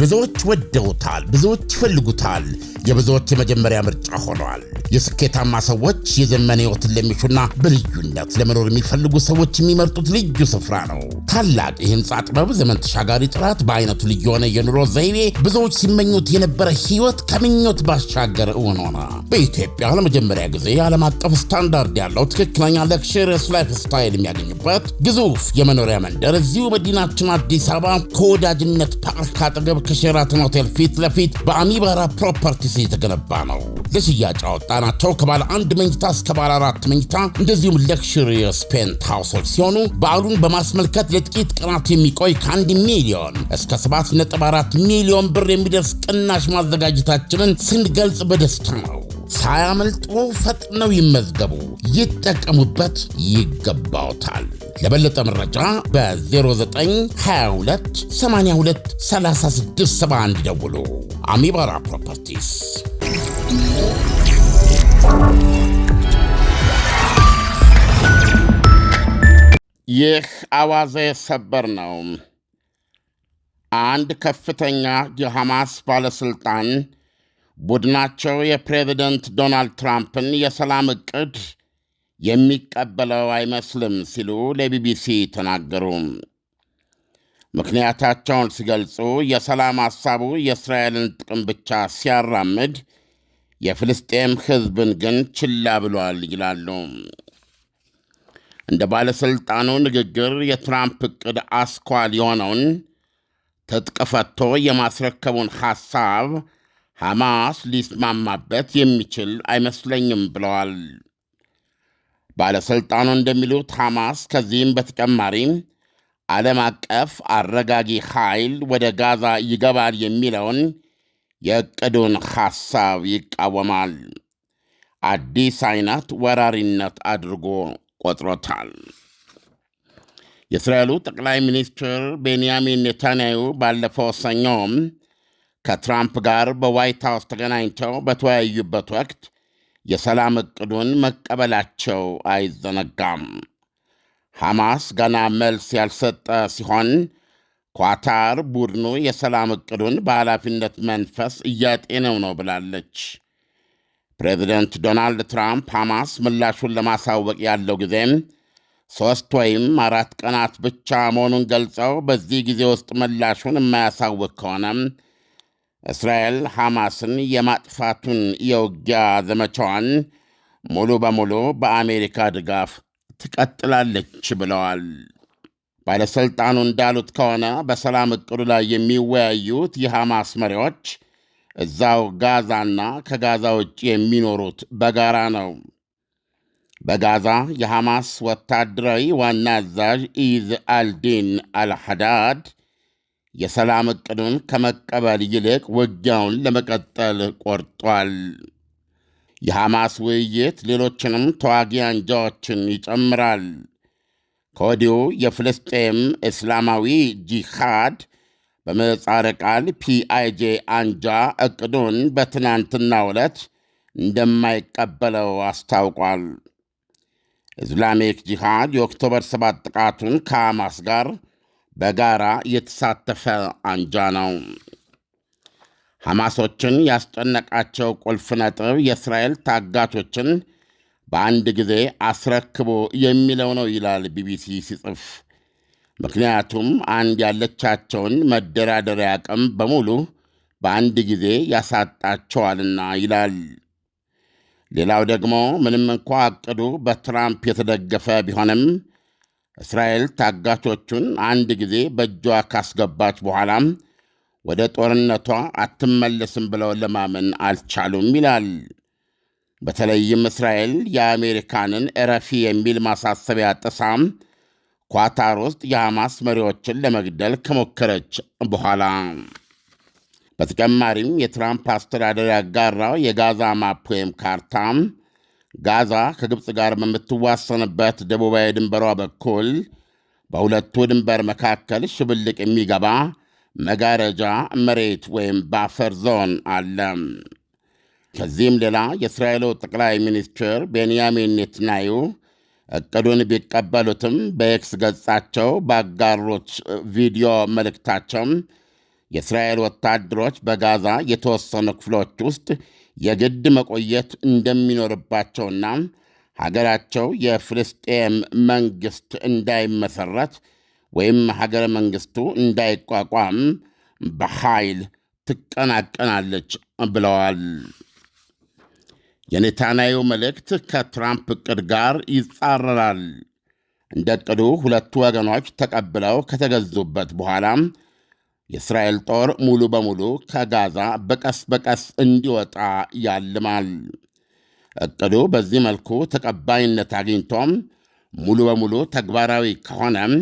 ብዙዎች ወደውታል፣ ብዙዎች ይፈልጉታል፣ የብዙዎች የመጀመሪያ ምርጫ ሆኗል። የስኬታማ ሰዎች የዘመን ህይወትን ለሚሹና በልዩነት ለመኖር የሚፈልጉ ሰዎች የሚመርጡት ልዩ ስፍራ ነው። ታላቅ የህንፃ ጥበብ፣ ዘመን ተሻጋሪ ጥራት፣ በአይነቱ ልዩ የሆነ የኑሮ ዘይቤ ብዙዎች ሲመኙት የነበረ ህይወት ከምኞት ባሻገር እውን ሆነ። በኢትዮጵያ ለመጀመሪያ ጊዜ የዓለም አቀፍ ስታንዳርድ ያለው ትክክለኛ ለክሽርስ ላይፍ ስታይል የሚያገኝበት ግዙፍ የመኖሪያ መንደር እዚሁ መዲናችን አዲስ አበባ ከወዳጅነት ፓርክ አጠገብ ከሼራተን ሆቴል ፊት ለፊት በአሚባራ ፕሮፐርቲስ የተገነባ ነው። ለሽያጭ አወጣናቸው ከባለ አንድ መኝታ እስከ ባለ አራት መኝታ እንደዚሁም ለክሽሪየስ ፔንት ሃውሶች ሲሆኑ በዓሉን በማስመልከት ለጥቂት ቀናት የሚቆይ ከአንድ ሚሊዮን እስከ 7.4 ሚሊዮን ብር የሚደርስ ቅናሽ ማዘጋጀታችንን ስንገልጽ በደስታ ነው። ሳያመልጡ ፈጥነው ይመዝገቡ፣ ይጠቀሙበት፣ ይገባውታል። ለበለጠ መረጃ በ 0922823671 82 3671 ደውሉ። አሚባራ ፕሮፐርቲስ ይህ አዋዜ ሰበር ነው። አንድ ከፍተኛ የሐማስ ባለሥልጣን ቡድናቸው የፕሬዝደንት ዶናልድ ትራምፕን የሰላም ዕቅድ የሚቀበለው አይመስልም ሲሉ ለቢቢሲ ተናገሩ። ምክንያታቸውን ሲገልጹ የሰላም ሐሳቡ የእስራኤልን ጥቅም ብቻ ሲያራምድ የፍልስጤም ሕዝብን ግን ችላ ብሏል ይላሉ። እንደ ባለሥልጣኑ ንግግር የትራምፕ ዕቅድ አስኳል የሆነውን ትጥቅ ፈቶ የማስረከቡን ሐሳብ ሐማስ ሊስማማበት የሚችል አይመስለኝም ብለዋል። ባለሥልጣኑ እንደሚሉት ሐማስ ከዚህም በተጨማሪ ዓለም አቀፍ አረጋጊ ኃይል ወደ ጋዛ ይገባል የሚለውን የዕቅዱን ሐሳብ ይቃወማል። አዲስ አይነት ወራሪነት አድርጎ ቆጥሮታል። የእስራኤሉ ጠቅላይ ሚኒስትር ቤንያሚን ኔታንያሁ ባለፈው ሰኞም ከትራምፕ ጋር በዋይት ሃውስ ተገናኝተው በተወያዩበት ወቅት የሰላም ዕቅዱን መቀበላቸው አይዘነጋም። ሐማስ ገና መልስ ያልሰጠ ሲሆን ኳታር ቡድኑ የሰላም ዕቅዱን በኃላፊነት መንፈስ እያጤነው ነው ብላለች። ፕሬዚደንት ዶናልድ ትራምፕ ሐማስ ምላሹን ለማሳወቅ ያለው ጊዜም ሦስት ወይም አራት ቀናት ብቻ መሆኑን ገልጸው በዚህ ጊዜ ውስጥ ምላሹን የማያሳውቅ ከሆነም እስራኤል ሐማስን የማጥፋቱን የውጊያ ዘመቻዋን ሙሉ በሙሉ በአሜሪካ ድጋፍ ትቀጥላለች ብለዋል። ባለሥልጣኑ እንዳሉት ከሆነ በሰላም ዕቅዱ ላይ የሚወያዩት የሐማስ መሪዎች እዛው ጋዛና ከጋዛ ውጭ የሚኖሩት በጋራ ነው። በጋዛ የሐማስ ወታደራዊ ዋና አዛዥ ኢዝ አልዲን አልሐዳድ የሰላም ዕቅዱን ከመቀበል ይልቅ ውጊያውን ለመቀጠል ቆርጧል። የሐማስ ውይይት ሌሎችንም ተዋጊ አንጃዎችን ይጨምራል። ከወዲሁ የፍልስጤም እስላማዊ ጂሃድ በምህጻረ ቃል ፒአይጄ አንጃ ዕቅዱን በትናንትናው ዕለት እንደማይቀበለው አስታውቋል። እስላሚክ ጂሃድ የኦክቶበር 7 ጥቃቱን ከሐማስ ጋር በጋራ የተሳተፈ አንጃ ነው። ሐማሶችን ያስጨነቃቸው ቁልፍ ነጥብ የእስራኤል ታጋቾችን በአንድ ጊዜ አስረክቦ የሚለው ነው ይላል ቢቢሲ ሲጽፍ። ምክንያቱም አንድ ያለቻቸውን መደራደሪያ አቅም በሙሉ በአንድ ጊዜ ያሳጣቸዋልና ይላል። ሌላው ደግሞ ምንም እንኳ እቅዱ በትራምፕ የተደገፈ ቢሆንም እስራኤል ታጋቾቹን አንድ ጊዜ በእጇ ካስገባች በኋላም ወደ ጦርነቷ አትመለስም ብለው ለማመን አልቻሉም ይላል። በተለይም እስራኤል የአሜሪካንን እረፊ የሚል ማሳሰቢያ ጥሳም ኳታር ውስጥ የሐማስ መሪዎችን ለመግደል ከሞከረች በኋላ በተጨማሪም የትራምፕ አስተዳደር ያጋራው የጋዛ ማፕ ወይም ካርታም ጋዛ ከግብፅ ጋር በምትዋሰንበት ደቡባዊ ድንበሯ በኩል በሁለቱ ድንበር መካከል ሽብልቅ የሚገባ መጋረጃ መሬት ወይም ባፈር ዞን አለ። ከዚህም ሌላ የእስራኤሉ ጠቅላይ ሚኒስትር ቤንያሚን ኔትናዩ እቅዱን ቢቀበሉትም በኤክስ ገጻቸው ባጋሩት ቪዲዮ መልእክታቸው የእስራኤል ወታደሮች በጋዛ የተወሰኑ ክፍሎች ውስጥ የግድ መቆየት እንደሚኖርባቸውና ሀገራቸው የፍልስጤም መንግሥት እንዳይመሠረት ወይም ሀገረ መንግሥቱ እንዳይቋቋም በኃይል ትቀናቀናለች ብለዋል። የኔታንያሁ መልእክት ከትራምፕ እቅድ ጋር ይጻረራል። እንደ እቅዱ ሁለቱ ወገኖች ተቀብለው ከተገዙበት በኋላ የእስራኤል ጦር ሙሉ በሙሉ ከጋዛ በቀስ በቀስ እንዲወጣ ያልማል። እቅዱ በዚህ መልኩ ተቀባይነት አግኝቶም ሙሉ በሙሉ ተግባራዊ ከሆነም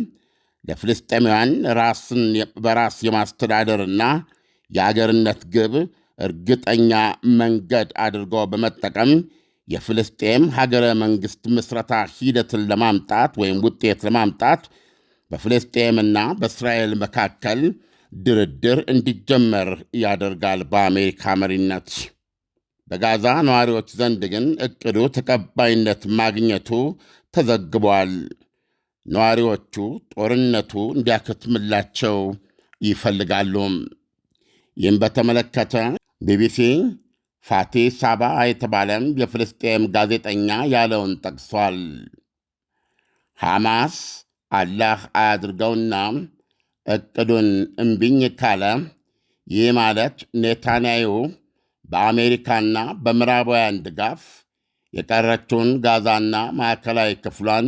ለፍልስጤማውያን ራስን በራስ የማስተዳደርና የአገርነት ግብ እርግጠኛ መንገድ አድርጎ በመጠቀም የፍልስጤም ሀገረ መንግሥት ምስረታ ሂደትን ለማምጣት ወይም ውጤት ለማምጣት በፍልስጤምና በእስራኤል መካከል ድርድር እንዲጀመር ያደርጋል በአሜሪካ መሪነት። በጋዛ ነዋሪዎች ዘንድ ግን እቅዱ ተቀባይነት ማግኘቱ ተዘግቧል። ነዋሪዎቹ ጦርነቱ እንዲያከትምላቸው ይፈልጋሉ። ይህም በተመለከተ ቢቢሲ ፋቲ ሳባ የተባለም የፍልስጤም ጋዜጠኛ ያለውን ጠቅሷል። ሐማስ አላህ አያድርገውና እቅዱን እምቢኝ ካለ ይህ ማለት ኔታንያዩ በአሜሪካና በምዕራባውያን ድጋፍ የቀረችውን ጋዛና ማዕከላዊ ክፍሏን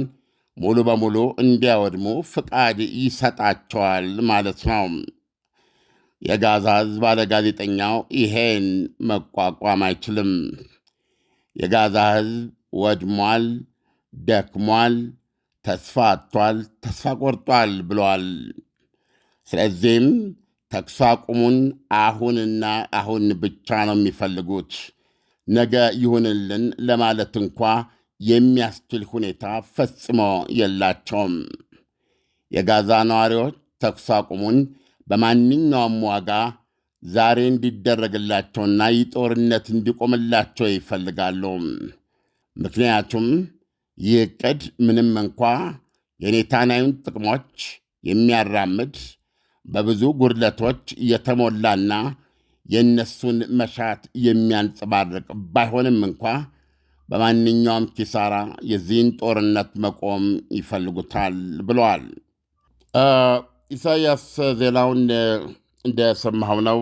ሙሉ በሙሉ እንዲያወድሙ ፍቃድ ይሰጣቸዋል ማለት ነው። የጋዛ ሕዝብ አለ ጋዜጠኛው ይሄን መቋቋም አይችልም። የጋዛ ሕዝብ ወድሟል፣ ደክሟል፣ ተስፋ አጥቷል፣ ተስፋ ቆርጧል ብለዋል። ስለዚህም ተኩስ አቁሙን አሁንና አሁን ብቻ ነው የሚፈልጉት። ነገ ይሁንልን ለማለት እንኳ የሚያስችል ሁኔታ ፈጽሞ የላቸውም። የጋዛ ነዋሪዎች ተኩስ አቁሙን በማንኛውም ዋጋ ዛሬ እንዲደረግላቸውና ይህ ጦርነት እንዲቆምላቸው ይፈልጋሉ። ምክንያቱም ይህ ዕቅድ ምንም እንኳ የኔታንያሁን ጥቅሞች የሚያራምድ በብዙ ጉድለቶች የተሞላና የእነሱን መሻት የሚያንጸባርቅ ባይሆንም እንኳ በማንኛውም ኪሳራ የዚህን ጦርነት መቆም ይፈልጉታል ብለዋል። ኢሳያስ ዜናውን እንደሰማሁ ነው።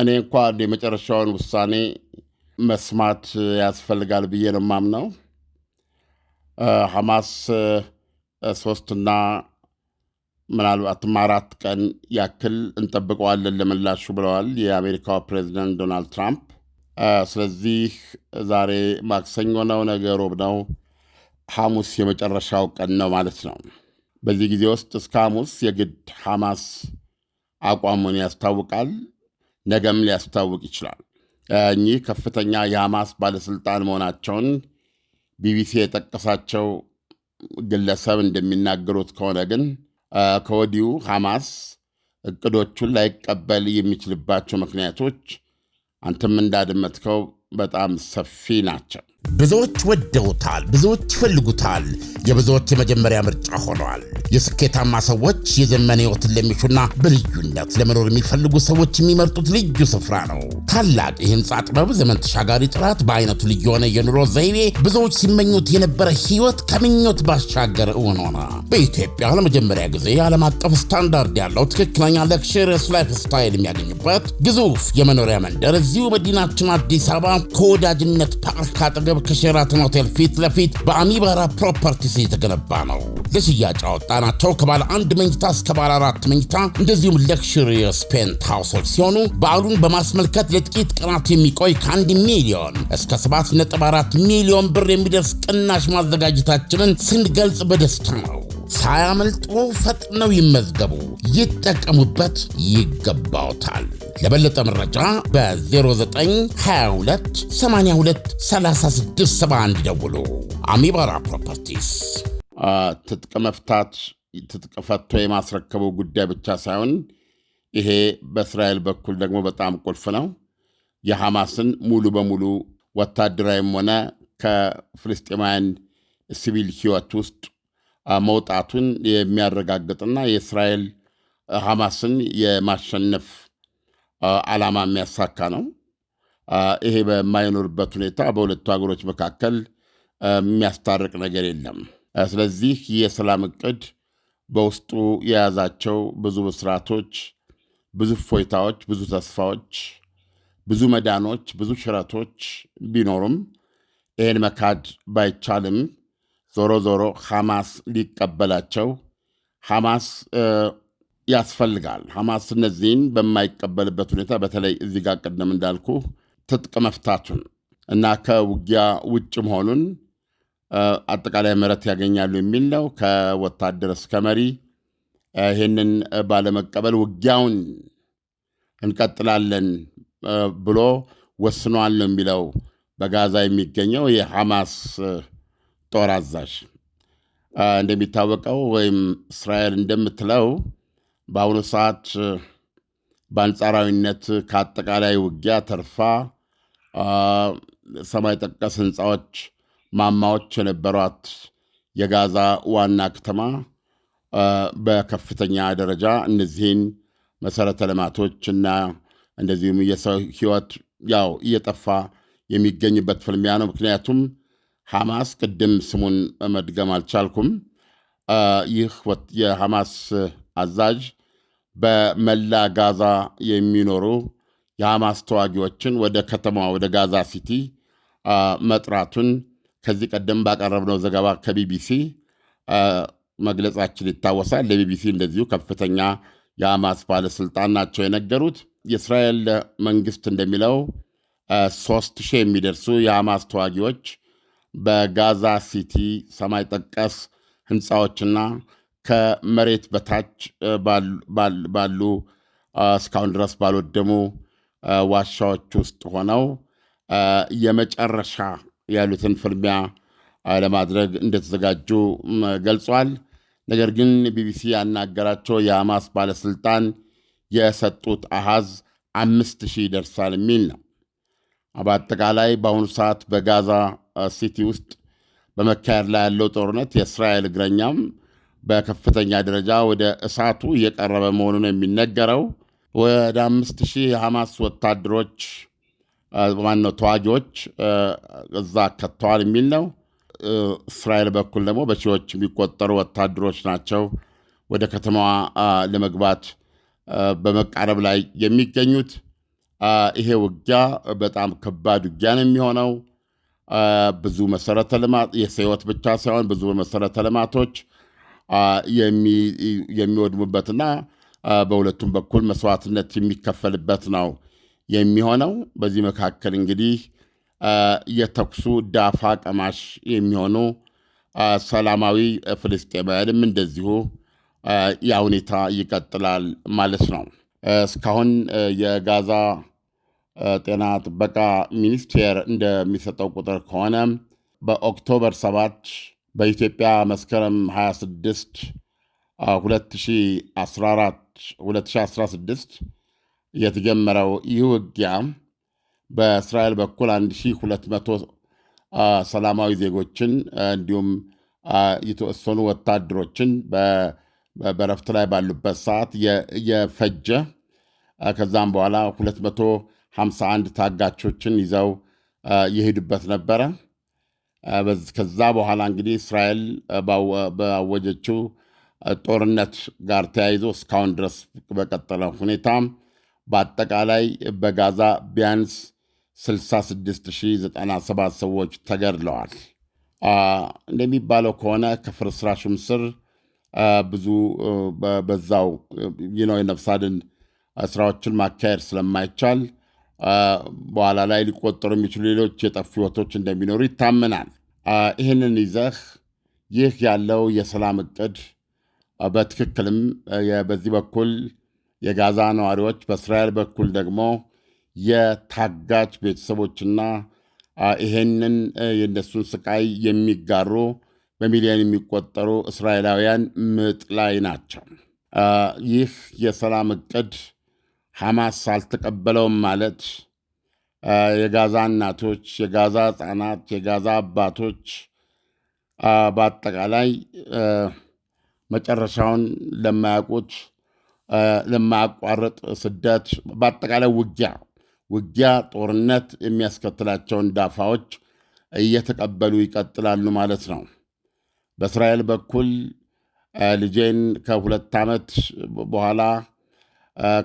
እኔ እንኳ የመጨረሻውን ውሳኔ መስማት ያስፈልጋል ብዬ ነው የማምነው ሐማስ ሶስትና ምናልባትም አራት ቀን ያክል እንጠብቀዋለን ለምላሹ ብለዋል የአሜሪካው ፕሬዚደንት ዶናልድ ትራምፕ። ስለዚህ ዛሬ ማክሰኞ ነው፣ ነገ ሮብ ነው፣ ሐሙስ የመጨረሻው ቀን ነው ማለት ነው። በዚህ ጊዜ ውስጥ እስከ ሐሙስ የግድ ሐማስ አቋሙን ያስታውቃል፣ ነገም ሊያስታውቅ ይችላል። እኚህ ከፍተኛ የሐማስ ባለሥልጣን መሆናቸውን ቢቢሲ የጠቀሳቸው ግለሰብ እንደሚናገሩት ከሆነ ግን ከወዲሁ ሐማስ እቅዶቹን ላይቀበል የሚችልባቸው ምክንያቶች አንተም እንዳደመጥከው በጣም ሰፊ ናቸው። ብዙዎች ወደውታል፣ ብዙዎች ይፈልጉታል፣ የብዙዎች የመጀመሪያ ምርጫ ሆኗል። የስኬታማ ሰዎች የዘመን ህይወትን ለሚሹና በልዩነት ለመኖር የሚፈልጉ ሰዎች የሚመርጡት ልዩ ስፍራ ነው። ታላቅ የህንፃ ጥበብ፣ ዘመን ተሻጋሪ ጥራት፣ በአይነቱ ልዩ የሆነ የኑሮ ዘይቤ፣ ብዙዎች ሲመኙት የነበረ ህይወት ከምኞት ባሻገር እውን ሆነ። በኢትዮጵያ ለመጀመሪያ ጊዜ ዓለም አቀፍ ስታንዳርድ ያለው ትክክለኛ ለክሽርስ ላይፍ ስታይል የሚያገኝበት ግዙፍ የመኖሪያ መንደር እዚሁ መዲናችን አዲስ አበባ ከወዳጅነት ፓርክ አጠገብ ከሼራተን ሆቴል ፊት ለፊት በአሚባራ ፕሮፐርቲስ የተገነባ ነው። ለሽያጭ አወጣናቸው ከባለ አንድ መኝታ እስከ ባለ አራት መኝታ እንደዚሁም ለክሹሪየስ ፔንት ሃውሶች ሲሆኑ በዓሉን በማስመልከት ለጥቂት ቀናት የሚቆይ ከአንድ ሚሊዮን እስከ 7.4 ሚሊዮን ብር የሚደርስ ቅናሽ ማዘጋጀታችንን ስንገልጽ በደስታ ነው። ሳያመልጦ ፈጥነው ይመዝገቡ፣ ይጠቀሙበት፣ ይገባውታል። ለበለጠ መረጃ በ0922 82 ደውሉ። አሚባራ ፕሮፐርቲስ። ትጥቅ መፍታት ትጥቅ ፈቶ የማስረከቡ ጉዳይ ብቻ ሳይሆን ይሄ በእስራኤል በኩል ደግሞ በጣም ቁልፍ ነው። የሐማስን ሙሉ በሙሉ ወታደራዊም ሆነ ከፍልስጤማውያን ሲቪል ሕይወት ውስጥ መውጣቱን የሚያረጋግጥና የእስራኤል ሐማስን የማሸነፍ ዓላማ የሚያሳካ ነው። ይሄ በማይኖርበት ሁኔታ በሁለቱ ሀገሮች መካከል የሚያስታርቅ ነገር የለም። ስለዚህ የሰላም እቅድ በውስጡ የያዛቸው ብዙ ብስራቶች፣ ብዙ ፎይታዎች፣ ብዙ ተስፋዎች፣ ብዙ መዳኖች፣ ብዙ ሽረቶች ቢኖሩም ይህን መካድ ባይቻልም ዞሮ ዞሮ ሐማስ ሊቀበላቸው ሐማስ ያስፈልጋል። ሐማስ እነዚህን በማይቀበልበት ሁኔታ በተለይ እዚህ ጋር ቅድም እንዳልኩ ትጥቅ መፍታቱን እና ከውጊያ ውጭ መሆኑን አጠቃላይ ምሕረት ያገኛሉ የሚል ነው። ከወታደር እስከ መሪ ይህንን ባለመቀበል ውጊያውን እንቀጥላለን ብሎ ወስኗል ነው የሚለው በጋዛ የሚገኘው የሐማስ ጦር አዛዥ እንደሚታወቀው ወይም እስራኤል እንደምትለው በአሁኑ ሰዓት በአንጻራዊነት ከአጠቃላይ ውጊያ ተርፋ ሰማይ ጠቀስ ሕንፃዎች፣ ማማዎች የነበሯት የጋዛ ዋና ከተማ በከፍተኛ ደረጃ እነዚህን መሰረተ ልማቶች እና እንደዚሁም የሰው ሕይወት ያው እየጠፋ የሚገኝበት ፍልሚያ ነው። ምክንያቱም ሐማስ ቅድም ስሙን መድገም አልቻልኩም። ይህ የሐማስ አዛዥ በመላ ጋዛ የሚኖሩ የሐማስ ተዋጊዎችን ወደ ከተማ ወደ ጋዛ ሲቲ መጥራቱን ከዚህ ቀደም ባቀረብነው ዘገባ ከቢቢሲ መግለጻችን ይታወሳል። ለቢቢሲ እንደዚሁ ከፍተኛ የሐማስ ባለሥልጣን ናቸው የነገሩት። የእስራኤል መንግሥት እንደሚለው ሶስት ሺህ የሚደርሱ የሐማስ ተዋጊዎች በጋዛ ሲቲ ሰማይ ጠቀስ ህንፃዎችና ከመሬት በታች ባሉ እስካሁን ድረስ ባልወደሙ ዋሻዎች ውስጥ ሆነው የመጨረሻ ያሉትን ፍልሚያ ለማድረግ እንደተዘጋጁ ገልጿል። ነገር ግን ቢቢሲ ያናገራቸው የሐማስ ባለስልጣን የሰጡት አሃዝ አምስት ሺህ ይደርሳል የሚል ነው። በአጠቃላይ በአሁኑ ሰዓት በጋዛ ሲቲ ውስጥ በመካሄድ ላይ ያለው ጦርነት የእስራኤል እግረኛም በከፍተኛ ደረጃ ወደ እሳቱ እየቀረበ መሆኑን የሚነገረው ወደ አምስት ሺህ የሐማስ ወታደሮች ማነው ተዋጊዎች እዛ ከተዋል የሚል ነው። እስራኤል በኩል ደግሞ በሺዎች የሚቆጠሩ ወታደሮች ናቸው ወደ ከተማዋ ለመግባት በመቃረብ ላይ የሚገኙት። ይሄ ውጊያ በጣም ከባድ ውጊያ ነው የሚሆነው። ብዙ መሰረተ ልማት የህይወት ብቻ ሳይሆን ብዙ መሰረተ ልማቶች የሚወድሙበትና በሁለቱም በኩል መስዋዕትነት የሚከፈልበት ነው የሚሆነው። በዚህ መካከል እንግዲህ የተኩሱ ዳፋ ቀማሽ የሚሆኑ ሰላማዊ ፍልስጤማውያንም እንደዚሁ ያ ሁኔታ ይቀጥላል ማለት ነው። እስካሁን የጋዛ ጤና ጥበቃ ሚኒስቴር እንደሚሰጠው ቁጥር ከሆነ በኦክቶበር 7 በኢትዮጵያ መስከረም 26 2016 የተጀመረው ይህ ውጊያ በእስራኤል በኩል 1200 ሰላማዊ ዜጎችን እንዲሁም የተወሰኑ ወታደሮችን በረፍት ላይ ባሉበት ሰዓት የፈጀ ከዛም በኋላ 200 51 ታጋቾችን ይዘው የሄዱበት ነበረ። ከዛ በኋላ እንግዲህ እስራኤል ባወጀችው ጦርነት ጋር ተያይዞ እስካሁን ድረስ በቀጠለ ሁኔታ በአጠቃላይ በጋዛ ቢያንስ 66097 ሰዎች ተገድለዋል። እንደሚባለው ከሆነ ከፍርስራሹም ስር ብዙ በዛው የነፍስ አድን ስራዎችን ማካሄድ ስለማይቻል በኋላ ላይ ሊቆጠሩ የሚችሉ ሌሎች የጠፉ ህይወቶች እንደሚኖሩ ይታመናል። ይህንን ይዘህ ይህ ያለው የሰላም እቅድ በትክክልም በዚህ በኩል የጋዛ ነዋሪዎች፣ በእስራኤል በኩል ደግሞ የታጋች ቤተሰቦችና ይሄንን የእነሱን ስቃይ የሚጋሩ በሚሊዮን የሚቆጠሩ እስራኤላውያን ምጥ ላይ ናቸው። ይህ የሰላም እቅድ ሐማስ አልተቀበለውም ማለት የጋዛ እናቶች፣ የጋዛ ሕፃናት፣ የጋዛ አባቶች በአጠቃላይ መጨረሻውን ለማያውቁት ለማያቋርጥ ስደት በአጠቃላይ ውጊያ ውጊያ ጦርነት የሚያስከትላቸውን ዳፋዎች እየተቀበሉ ይቀጥላሉ ማለት ነው። በእስራኤል በኩል ልጄን ከሁለት ዓመት በኋላ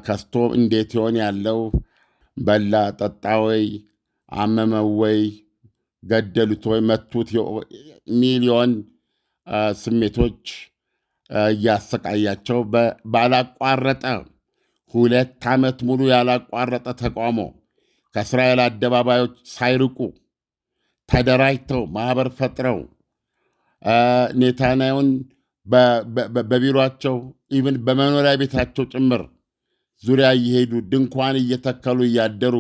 ከስቶ እንዴት ይሆን ያለው? በላ ጠጣ ወይ? አመመው ወይ? ገደሉት ወይ? መቱት? ሚሊዮን ስሜቶች እያሰቃያቸው ባላቋረጠ ሁለት ዓመት ሙሉ ያላቋረጠ ተቃውሞ ከእስራኤል አደባባዮች ሳይርቁ ተደራጅተው ማህበር ፈጥረው ኔታንያሁን በቢሮቸው ኢቨን በመኖሪያ ቤታቸው ጭምር ዙሪያ እየሄዱ ድንኳን እየተከሉ እያደሩ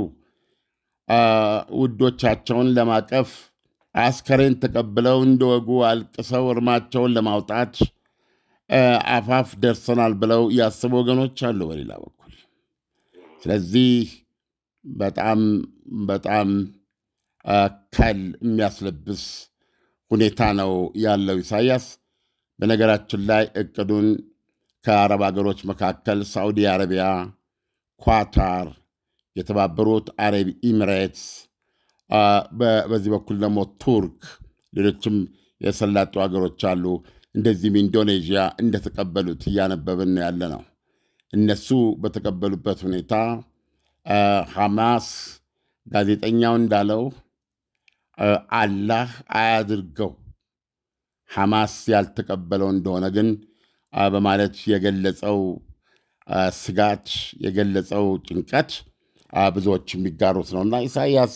ውዶቻቸውን ለማቀፍ አስከሬን ተቀብለው እንደወጉ አልቅሰው እርማቸውን ለማውጣት አፋፍ ደርሰናል ብለው ያስቡ ወገኖች አሉ በሌላ በኩል። ስለዚህ በጣም በጣም ከል የሚያስለብስ ሁኔታ ነው ያለው ኢሳያስ። በነገራችን ላይ እቅዱን ከአረብ አገሮች መካከል ሳዑዲ አረቢያ፣ ኳታር፣ የተባበሩት አረብ ኢሚሬትስ፣ በዚህ በኩል ደግሞ ቱርክ፣ ሌሎችም የሰላጡ ሀገሮች አሉ። እንደዚህም ኢንዶኔዥያ እንደተቀበሉት እያነበብን ያለ ነው። እነሱ በተቀበሉበት ሁኔታ ሐማስ ጋዜጠኛው እንዳለው አላህ አያድርገው ሐማስ ያልተቀበለው እንደሆነ ግን በማለት የገለጸው ስጋት የገለጸው ጭንቀት ብዙዎች የሚጋሩት ነውና ኢሳያስ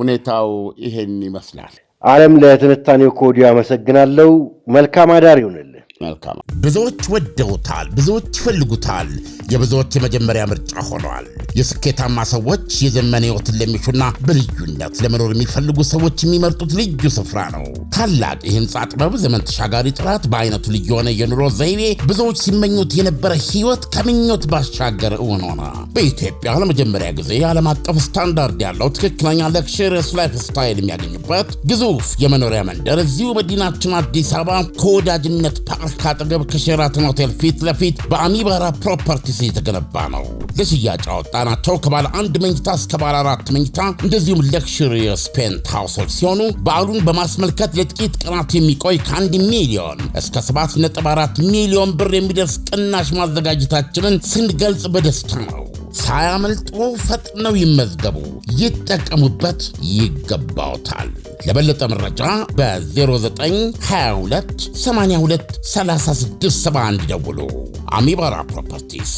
ሁኔታው ይሄን ይመስላል። ዓለም ለትንታኔው ከወዲሁ አመሰግናለሁ። መልካም አዳር ይሆንልን። መልካም። ብዙዎች ወደውታል፣ ብዙዎች ይፈልጉታል፣ የብዙዎች የመጀመሪያ ምርጫ ሆኗል። የስኬታማ ሰዎች የዘመን ህይወትን ለሚሹና በልዩነት ለመኖር የሚፈልጉ ሰዎች የሚመርጡት ልዩ ስፍራ ነው። ታላቅ የህንፃ ጥበብ፣ ዘመን ተሻጋሪ ጥራት፣ በአይነቱ ልዩ የሆነ የኑሮ ዘይቤ፣ ብዙዎች ሲመኙት የነበረ ህይወት ከምኞት ባሻገር እውን ሆነ። በኢትዮጵያ ለመጀመሪያ ጊዜ የዓለም አቀፍ ስታንዳርድ ያለው ትክክለኛ ለክሽርስ ላይፍ ስታይል የሚያገኝበት ግዙፍ የመኖሪያ መንደር እዚሁ መዲናችን አዲስ አበባ ከወዳጅነት ፓርክ ካጠገብ ከሼራተን ሆቴል ፊት ለፊት በአሚባራ ፕሮፐርቲስ የተገነባ ነው። ለሽያጭ ናቸው ከባለ አንድ መኝታ እስከ ባለ አራት መኝታ እንደዚሁም ለክሹሪየስ ፔንት ሃውሶች ሲሆኑ በዓሉን በማስመልከት ለጥቂት ቀናት የሚቆይ ከአንድ ሚሊዮን እስከ 7.4 ሚሊዮን ብር የሚደርስ ቅናሽ ማዘጋጀታችንን ስንገልጽ በደስታ ነው። ሳያመልጡ ፈጥነው ይመዝገቡ፣ ይጠቀሙበት ይገባውታል። ለበለጠ መረጃ በ0922 82 3671 ይደውሉ። አሚባራ ፕሮፐርቲስ